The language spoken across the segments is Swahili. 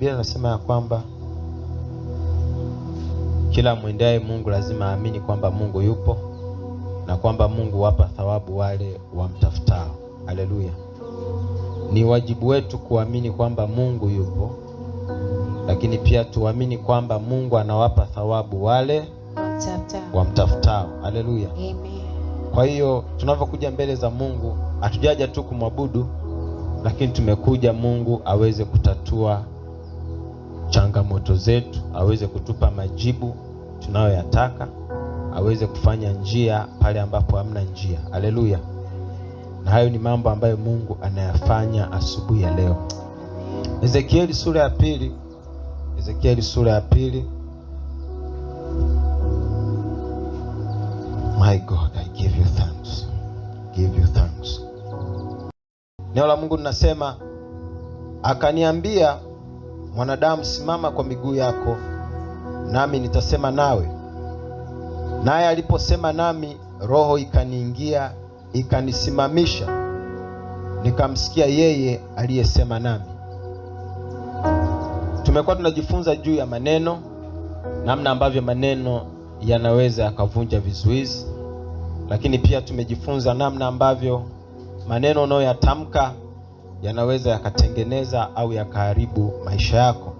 Biblia inasema ya kwamba kila mwendaye Mungu lazima aamini kwamba Mungu yupo na kwamba Mungu wapa thawabu wale wamtafutao. Haleluya! Ni wajibu wetu kuamini kwamba Mungu yupo, lakini pia tuamini kwamba Mungu anawapa thawabu wale wamtafutao. Haleluya! Kwa hiyo tunavyokuja mbele za Mungu hatujaja tu kumwabudu, lakini tumekuja Mungu aweze kutatua changamoto zetu, aweze kutupa majibu tunayoyataka, aweze kufanya njia pale ambapo hamna njia. Haleluya! Na hayo ni mambo ambayo Mungu anayafanya asubuhi ya leo. Ezekieli sura ya pili, Ezekieli sura ya pili. My God, I give you thanks. Give you thanks. Neno la Mungu linasema akaniambia mwanadamu, simama kwa miguu yako, nami nitasema nawe. Naye aliposema nami, roho ikaniingia ikanisimamisha, nikamsikia yeye aliyesema nami. Tumekuwa tunajifunza juu ya maneno, namna ambavyo maneno yanaweza yakavunja vizuizi, lakini pia tumejifunza namna ambavyo maneno unayoyatamka yanaweza yakatengeneza au yakaharibu maisha yako.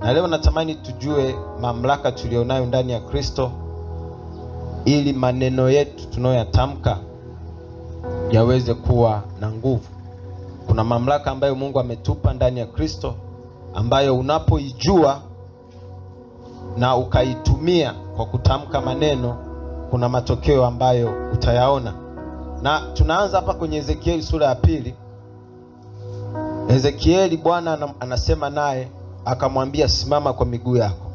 Na leo natamani tujue mamlaka tuliyonayo ndani ya Kristo, ili maneno yetu tunayoyatamka yaweze kuwa na nguvu. Kuna mamlaka ambayo Mungu ametupa ndani ya Kristo, ambayo unapoijua na ukaitumia kwa kutamka maneno, kuna matokeo ambayo utayaona. Na tunaanza hapa kwenye Ezekieli sura ya pili Ezekieli Bwana anasema naye akamwambia, simama kwa miguu yako.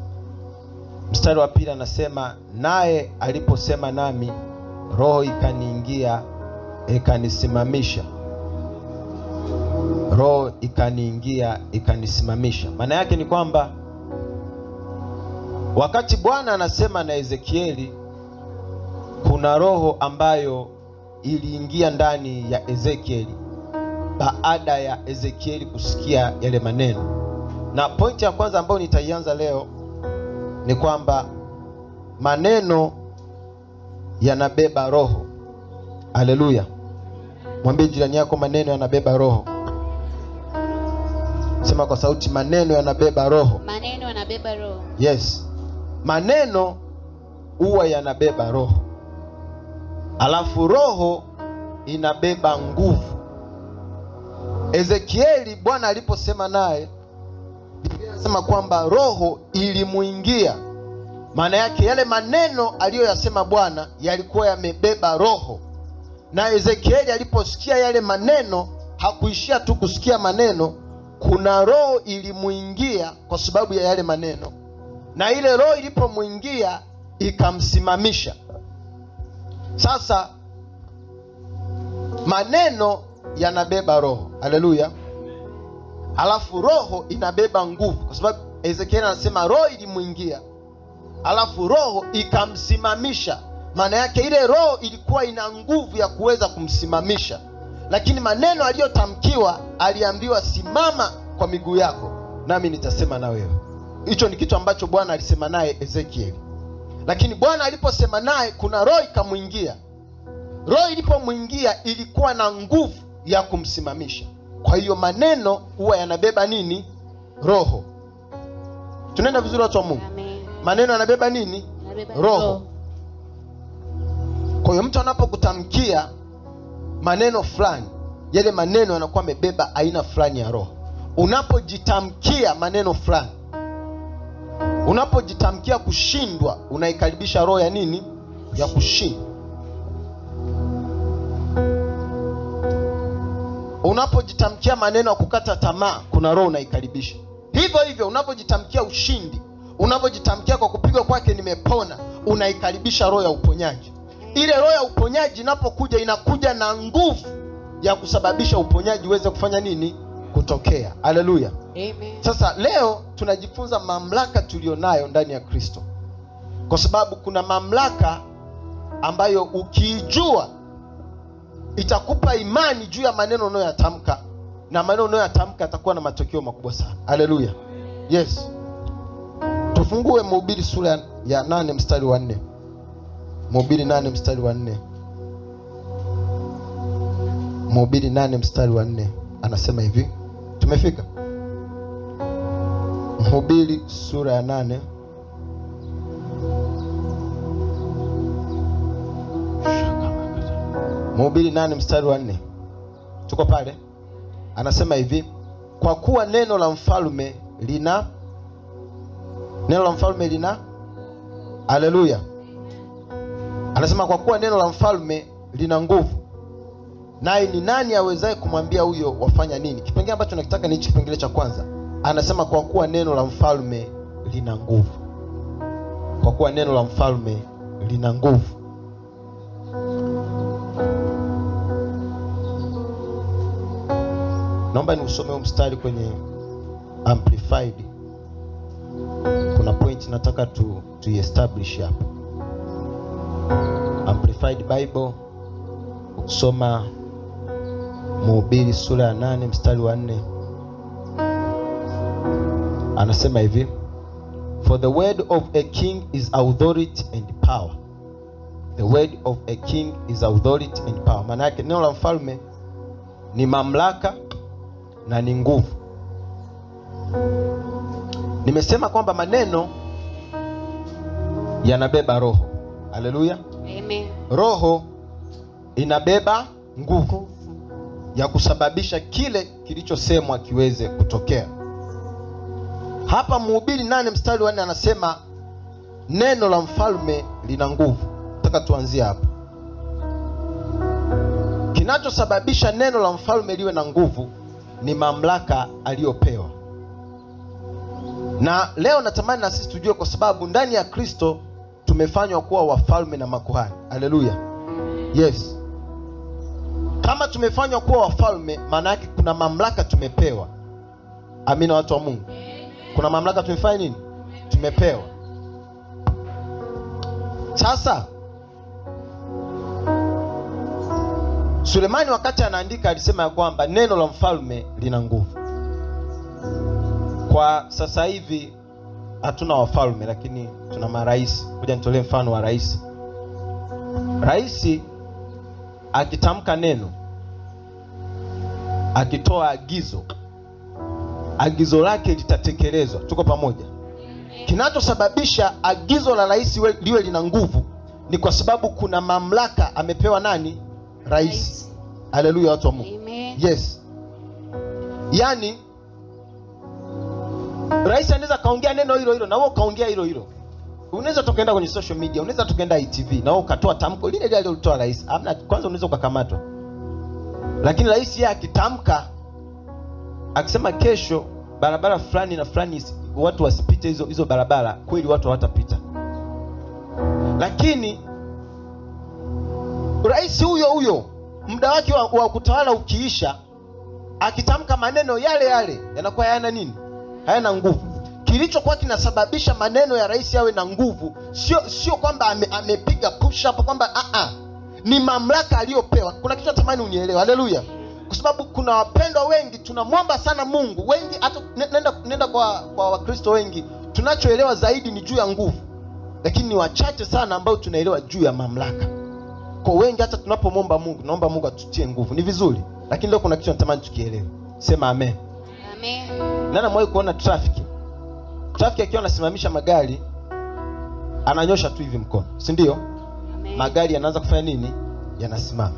Mstari wa pili anasema naye aliposema nami, roho ikaniingia ikanisimamisha, roho ikaniingia ikanisimamisha. Maana yake ni kwamba wakati Bwana anasema na Ezekieli, kuna roho ambayo iliingia ndani ya Ezekieli baada ya Ezekieli kusikia yale maneno. Na pointi ya kwanza ambayo nitaianza leo ni kwamba maneno yanabeba roho. Haleluya! Mwambie jirani yako, maneno yanabeba roho. Sema kwa sauti, maneno yanabeba roho. Maneno yanabeba roho. Yes, maneno huwa yanabeba roho, alafu roho inabeba nguvu Ezekieli Bwana aliposema naye, Biblia inasema kwamba roho ilimuingia. Maana yake yale maneno aliyoyasema Bwana yalikuwa yamebeba roho, na Ezekieli aliposikia yale maneno hakuishia tu kusikia maneno, kuna roho ilimuingia kwa sababu ya yale maneno, na ile roho ilipomwingia ikamsimamisha. Sasa maneno yanabeba roho. Haleluya! Alafu roho inabeba nguvu, kwa sababu Ezekieli anasema roho ilimwingia, alafu roho ikamsimamisha. Maana yake ile roho ilikuwa ina nguvu ya kuweza kumsimamisha, lakini maneno aliyotamkiwa, aliambiwa simama kwa miguu yako, nami nitasema na wewe. Hicho ni kitu ambacho Bwana alisema naye Ezekieli, lakini Bwana aliposema naye, kuna roho ikamwingia. Roho ilipomwingia ilikuwa na nguvu ya kumsimamisha. Kwa hiyo maneno huwa yanabeba nini? Roho. Tunaenda vizuri, watu wa Mungu? Maneno yanabeba nini? roho, roho. Kwa hiyo mtu anapokutamkia maneno fulani, yale maneno yanakuwa amebeba aina fulani ya roho. Unapojitamkia maneno fulani, unapojitamkia kushindwa, unaikaribisha roho ya nini? Ya kushindwa. Unapojitamkia maneno ya kukata tamaa, kuna roho unaikaribisha. Hivyo hivyo unapojitamkia ushindi, unapojitamkia kwa kupigwa kwake nimepona, unaikaribisha roho ya uponyaji. Ile roho ya uponyaji inapokuja, inakuja na nguvu ya kusababisha uponyaji uweze kufanya nini? Kutokea. Haleluya, amen. Sasa leo tunajifunza mamlaka tuliyonayo ndani ya Kristo, kwa sababu kuna mamlaka ambayo ukiijua itakupa imani juu ya maneno unayoyatamka, na maneno unayoyatamka yatakuwa na matokeo makubwa sana. Haleluya, yes. Tufungue Mhubiri sura ya nane mstari wa nne. Mhubiri nane mstari wa nne. Mhubiri nane mstari wa nne anasema hivi, tumefika. Mhubiri sura ya nane Mhubiri nane mstari wa nne tuko pale, anasema hivi kwa kuwa neno la mfalme lina neno la mfalme lina haleluya. Anasema kwa kuwa neno la mfalme lina nguvu, naye ni nani awezaye kumwambia huyo wafanya nini? Kipengele ambacho nakitaka ni hichi kipengele cha kwanza, anasema kwa kuwa neno la mfalme lina nguvu, kwa kuwa neno la mfalme lina nguvu. Naomba niusome mstari kwenye amplified. Kuna point nataka tu, tu establish hapa. Amplified Bible ukisoma Mhubiri sura ya nane mstari wa nne anasema hivi, for the word of a king is authority and power. The word of a king is authority and power. Maana yake neno la mfalme ni mamlaka na ni nguvu. Nimesema kwamba maneno yanabeba roho. Haleluya, amen. Roho inabeba nguvu ya kusababisha kile kilichosemwa kiweze kutokea. Hapa Mhubiri nane mstari wa nne anasema neno la mfalme lina nguvu. Nataka tuanzie hapa. Kinachosababisha neno la mfalme liwe na nguvu ni mamlaka aliyopewa. Na leo natamani na sisi tujue, kwa sababu ndani ya Kristo tumefanywa kuwa wafalme na makuhani. Haleluya, yes. Kama tumefanywa kuwa wafalme, maana yake kuna mamlaka tumepewa. Amina, watu wa Mungu, kuna mamlaka tumefanya nini? Tumepewa. Sasa Sulemani wakati anaandika alisema ya kwamba neno la mfalme lina nguvu. Kwa sasa hivi hatuna wafalme, lakini tuna marais. Kuja nitolee mfano wa rais. Rais akitamka neno, akitoa agizo, agizo lake litatekelezwa. Tuko pamoja? Kinachosababisha agizo la rais liwe lina nguvu ni kwa sababu kuna mamlaka amepewa nani? rais. Haleluya, watu wa Mungu. Yes, yani rais anaweza kaongea neno hilo hilo na wewe ukaongea hilo hilo. Unaweza tukaenda kwenye social media, unaweza tukaenda ITV na wewe ukatoa tamko lile lile alilotoa rais. Amna, kwanza unaweza ukakamatwa, lakini rais yeye akitamka akisema kesho barabara fulani na fulani watu wasipite hizo hizo barabara, kweli watu hawatapita, lakini Rais huyo huyo muda wake wa, wa kutawala ukiisha, akitamka maneno yale yale yanakuwa hayana nini, hayana nguvu. Kilichokuwa kinasababisha maneno ya rais yawe na nguvu sio sio kwamba ame, amepiga push up kwamba a ah, a, ah, ni mamlaka aliyopewa. Kuna kitu natamani unielewe, haleluya, kwa sababu kuna wapendwa wengi tunamwomba sana Mungu, wengi hata nenda, nenda kwa kwa Wakristo wengi tunachoelewa zaidi ni juu ya nguvu, lakini ni wachache sana ambao tunaelewa juu ya mamlaka. Kwa wengi hata tunapomwomba Mungu, naomba Mungu atutie nguvu, ni vizuri, lakini leo kuna kitu natamani tukielewe. Sema amen, amen. Nani amewahi kuona traffic? Traffic akiwa anasimamisha magari ananyosha tu hivi mkono, si ndio? Magari yanaanza kufanya nini? Yanasimama.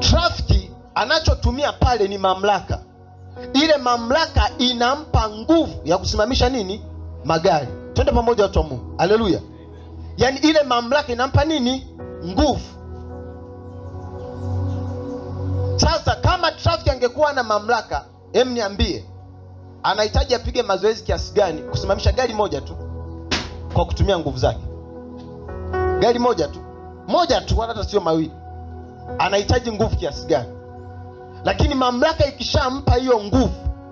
Trafiki anachotumia pale ni mamlaka. Ile mamlaka inampa nguvu ya kusimamisha nini? Magari. Twende pamoja, watu wa Mungu, haleluya yaani ile mamlaka inampa nini? Nguvu. Sasa kama trafiki angekuwa na mamlaka, hem, niambie, anahitaji apige mazoezi kiasi gani kusimamisha gari moja tu kwa kutumia nguvu zake? Gari moja tu, moja tu, wala hata sio mawili, anahitaji nguvu kiasi gani? Lakini mamlaka ikishampa hiyo nguvu,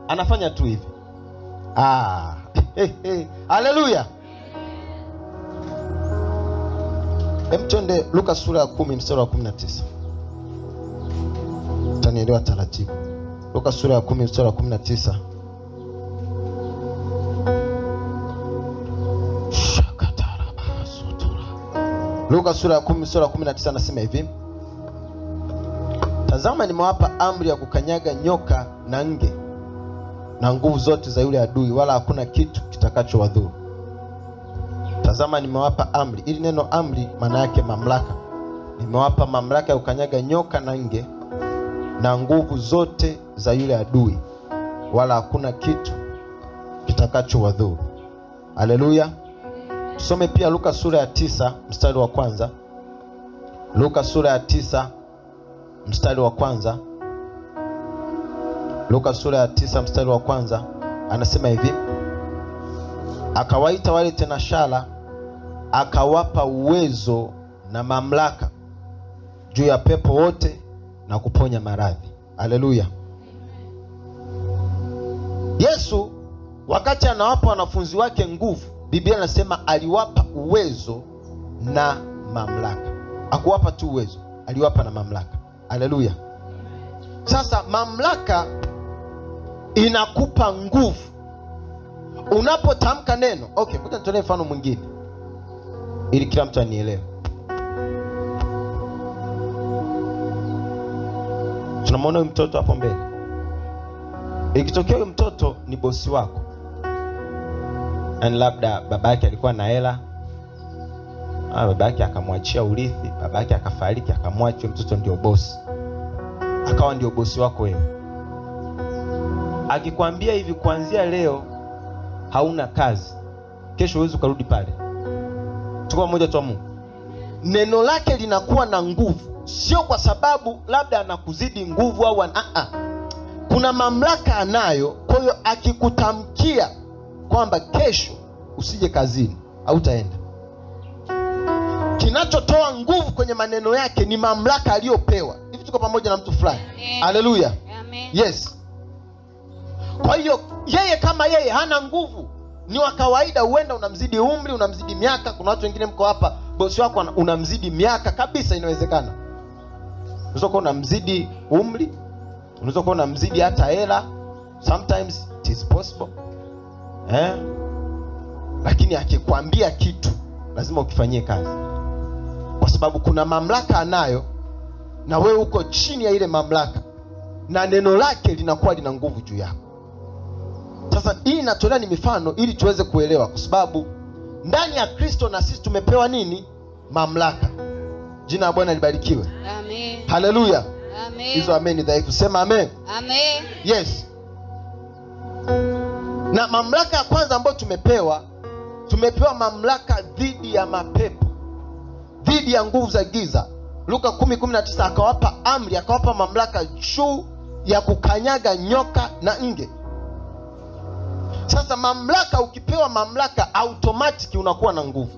anafanya tu hivi. Ah, haleluya! Hem, twende Luka sura ya kumi mstari wa 19. Tanielewa taratibu. Luka sura ya kumi mstari wa 19. Luka sura ya kumi mstari wa 19 anasema hivi: Tazama, nimewapa amri ya kukanyaga nyoka na nge na nguvu zote za yule adui, wala hakuna kitu kitakachowadhuru tazama nimewapa amri. Ili neno amri maana yake mamlaka. Nimewapa mamlaka ya kukanyaga nyoka na nge na nguvu zote za yule adui, wala hakuna kitu kitakachowadhuru. Haleluya! Tusome pia Luka sura ya tisa mstari wa kwanza. Luka sura ya tisa mstari wa kwanza. Luka sura ya tisa mstari wa kwanza anasema hivi: akawaita wale tena shala akawapa uwezo na mamlaka juu ya pepo wote na kuponya maradhi. Haleluya! Yesu wakati anawapa wanafunzi wake nguvu, Biblia inasema aliwapa uwezo na mamlaka. akuwapa tu uwezo, aliwapa na mamlaka. Haleluya! Sasa mamlaka inakupa nguvu unapotamka neno. Okay, ngoja nitolee mfano mwingine ili kila mtu anielewe. Tunamwona huyu mtoto hapo mbele. Ikitokea huyu mtoto ni bosi wako, yaani labda baba yake alikuwa na hela, ah, baba yake akamwachia urithi, baba yake akafariki, akamwachia mtoto, ndio bosi, akawa ndio bosi wako wewe. Akikwambia hivi, kuanzia leo hauna kazi, kesho huwezi ukarudi pale Tuko pamoja, tu Mungu. Neno lake linakuwa na nguvu, sio kwa sababu labda anakuzidi nguvu au a a, ah, ah. kuna mamlaka anayo. Kwa hiyo akikutamkia kwamba kesho usije kazini, hautaenda. Kinachotoa nguvu kwenye maneno yake ni mamlaka aliyopewa. Hivi tuko pamoja na mtu fulani? Haleluya, yes. Kwa hiyo yeye kama yeye hana nguvu ni wa kawaida. Huenda unamzidi umri, unamzidi miaka. Kuna watu wengine mko hapa, bosi wako unamzidi miaka kabisa, inawezekana. Unaweza kuwa unamzidi umri, unaweza kuwa unamzidi hata hela, sometimes it is possible eh? Lakini akikwambia kitu lazima ukifanyie kazi, kwa sababu kuna mamlaka anayo, na wewe uko chini ya ile mamlaka, na neno lake linakuwa lina nguvu juu yako. Sasa hii natolea ni mifano ili tuweze kuelewa, kwa sababu ndani ya Kristo na sisi tumepewa nini? Mamlaka. Jina la Bwana libarikiwe, amen. Haleluya, amen. Hizo amen ni dhaifu, sema amen. Amen. Yes. Na mamlaka ya kwanza ambayo tumepewa, tumepewa mamlaka dhidi ya mapepo, dhidi ya nguvu za giza. Luka 10:19 akawapa amri, akawapa mamlaka juu ya kukanyaga nyoka na nge sasa mamlaka, ukipewa mamlaka automatic unakuwa na nguvu.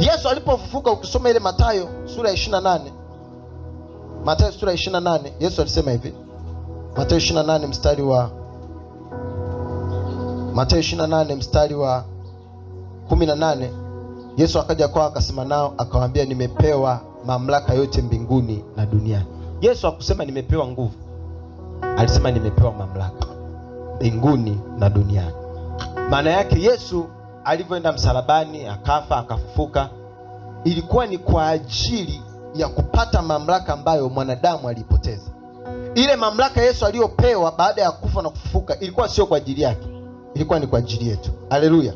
Yesu alipofufuka, ukisoma ile Mathayo sura ya 28, Mathayo sura ya 28, Yesu alisema hivi, Mathayo 28 mstari wa Mathayo 28 mstari wa 18, Yesu akaja kwao akasema nao akawaambia, nimepewa mamlaka yote mbinguni na duniani. Yesu hakusema nimepewa nguvu, alisema nimepewa mamlaka mbinguni na duniani. Maana yake Yesu alivyoenda msalabani, akafa, akafufuka, ilikuwa ni kwa ajili ya kupata mamlaka ambayo mwanadamu alipoteza. Ile mamlaka Yesu aliyopewa baada ya kufa na kufufuka ilikuwa sio kwa ajili yake, ilikuwa ni kwa ajili yetu. Haleluya!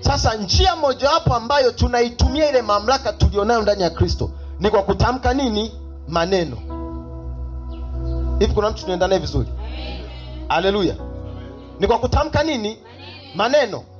Sasa njia mojawapo ambayo tunaitumia ile mamlaka tulionayo ndani ya Kristo ni kwa kutamka nini? Maneno. Hivi kuna mtu tunaenda naye vizuri? Haleluya! ni kwa kutamka nini? Maneno.